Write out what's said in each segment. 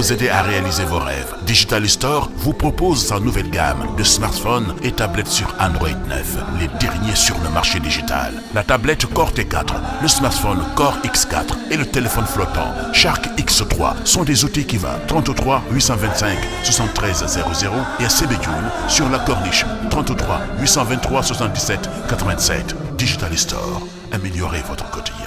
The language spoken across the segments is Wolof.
vous aider à réaliser vos rêves. Digital Store vous propose sa nouvelle gamme de smartphones et tablettes sur Android 9, les derniers sur le marché digital. La tablette Core t le smartphone Core x et le téléphone flottant Shark x sont des outils qui va et à sur la Corniche Digital Store, améliorez votre quotidien.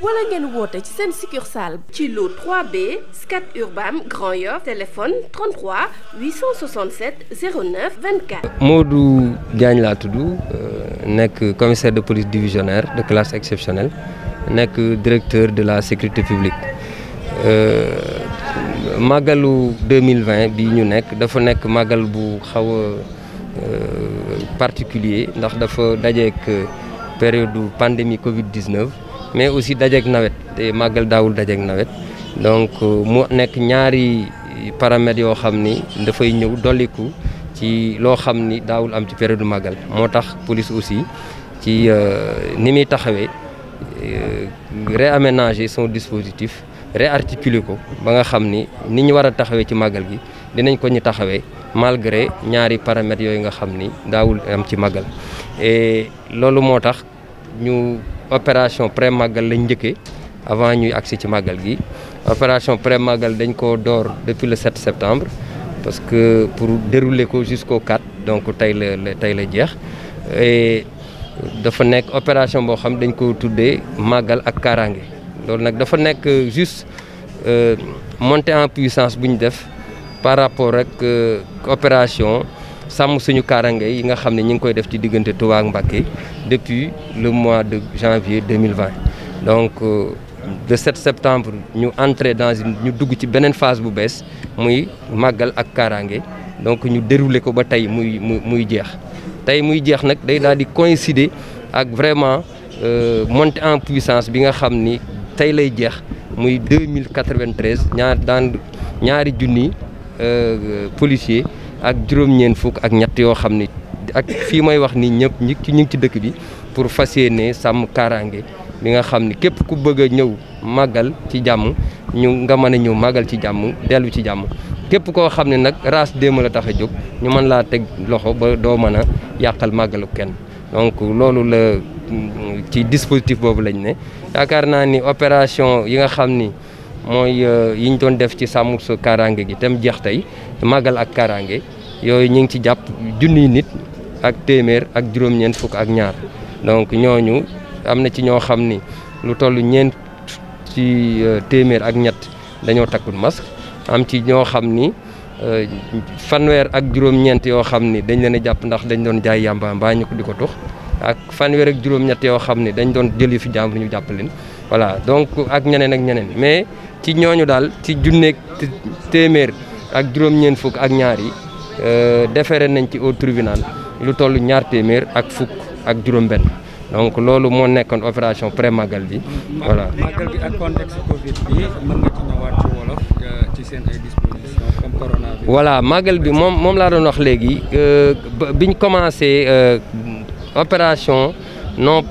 wala ngeen woote ci seen succursale ci lu 3B Scat Urbam Grand Yoff téléphone 33 867 09 laa tudd euh, nekk commissaire de police divisionnaire de classe exceptionnelle nekk directeur de la sécurité publique euh, màggalu 2020 bi ñu nekk dafa nekk màggal bu xaw a euh, particulier ndax dafa dajeek période pandémie Covid 19. mais aussi dajeeg nawet te màggal daawul dajeeg nawet donc mu nekk ñaari paramètres yoo xam ni dafay ñëw dolliku ci loo xam ni daawul am ci période màggal moo tax police aussi ci euh, ni muy taxawee euh, réaménager son dispositif réarticuler ko ba nga xam ni ni ñu war a taxawee ci màggal gi dinañ ko ñu taxawee malgré ñaari paramètres yooyu nga xam ni daawul am ci màggal et loolu moo tax ñu opération pré màggal lañ njëkkee avant ñuy agsi ci màggal gi opération pré màggal dañ ko door depuis le 7 septembre parce que pour dérouler ko jusqu'au 4 donc tey la tey la jeex et dafa nekk opération boo xam dañ ko tuddee màggal ak kaaraange loolu nag dafa nekk juste euh, montée en puissance bu ñu def par rapport ak euh, opération sàmm suñu kaaraange yi nga xam ne ñu ngi koy def ci diggante Touba ak Mbacké depuis le mois de janvier 2020 donc euh, le septembre ñu entrer dans une ñu dugg ci beneen phase bu bees muy màggal ak kaaraange donc ñu dérouler ko ba tey muy muy muy jeex tey muy jeex nag day daal di coïncider ak vraiment euh, montée en puissance bi nga xam ni tey lay jeex muy 2093 ñaar daan ñaari junni euh, policier ak juróom-ñeent fukk ak ñett yoo xam ne ak fii may wax ni ñëpp ñi ñu ngi ci dëkk bi pour fas yéene sàmm kaaraange bi nga xam ne képp ku bëgg a ñëw màggal ci jàmm ñu nga mën a ñëw màggal ci jàmm dellu ci jàmm képp koo xam ne nag raas déema a tax a jóg ñu mën laa teg loxo ba doo mën a yàqal màggalu kenn donc loolu la mm, ci dispositif boobu lañ ne yaakaar naa ni opération yi nga xam ni mooy euh, yi ñu doon def ci sàmm sa kaaraange gi tam jeex tey màggal ak kaaraange yooyu ñu ngi ci jàpp junni nit ak téeméer ak juróom-ñeent fukk ak ñaar donc ñooñu am na ci ñoo xam ni lu toll ñeent ci euh, téeméer ak ñett dañoo takkul masque am ci ñoo xam ni euh, fanweer ak juróom-ñeent yoo xam ni dañ leen a jàpp ndax dañ doon jaay yàmba mbaa ñu di ko tux ak fanweer ak juróom-ñett yoo xam ni dañ doon jëli fi jàmbur ñu jàpp leen donc ak ñeneen ak ñeneen ci ñooñu daal ci junneeg téeméer ak juróom-ñeent fukk ak ñaari yi euh, defere nañ ci au tribunal lu toll ñaar téeméer ak fukk ak juróom-benn donc loolu moo nekkoon opération pré màggal bi voilà. magal ci ñëwaat euh, voilà magal bi moom moom laa doon wax léegi euh, biñ commencé opération non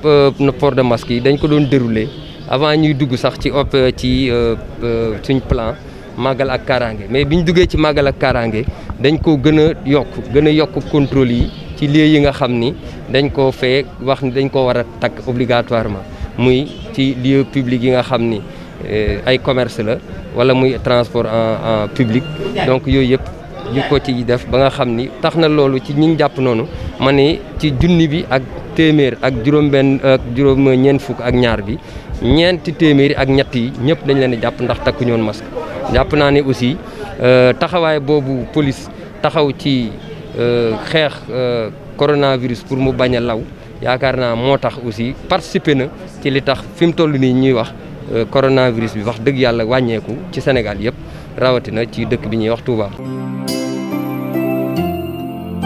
port de masque yi dañ ko doon déroulé. avant ñuy dugg sax ci op euh, ci euh, euh, suñ plan màggal ak kaaraange mais bi ñu duggee ci màggal ak kaaraange dañ koo gën a yokk gën a yokk contrôle yi ci lieu yi nga xam ni dañ koo fee wax ni dañ koo war a takk obligatoirement muy ci lieu public yi nga xam ni ay commerce la wala muy transport en en public donc yooyu yëpp ñu ko ci def ba nga xam ni tax na loolu ci ñi jàpp noonu ma ne ci junni bi ak. téeméer ak juróom-benn ak juróom ñeent fukk ak ñaar bi ñeenti téeméeri ak ñett yi ñëpp dañ leen di jàpp ndax takku ñoon masque jàpp naa ne aussi euh, taxawaay boobu police taxaw ci euh, xeex euh, coronavirus pour mu bañ a law yaakaar naa moo tax aussi participer na ci li tax fi mu toll nii ñuy wax coronavirus bi wax dëgg yàlla wàññeeku ci Sénégal yëpp rawatina ci dëkk bi ñuy wax Touba.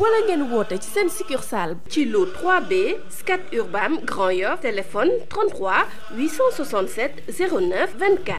wala ngeen woote ci seen succursale ci lu 3B Scat Urbam Grand Yoff téléphone 33 867 09 24